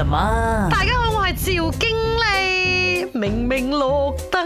什麼？大家好，我係趙經理，明明六。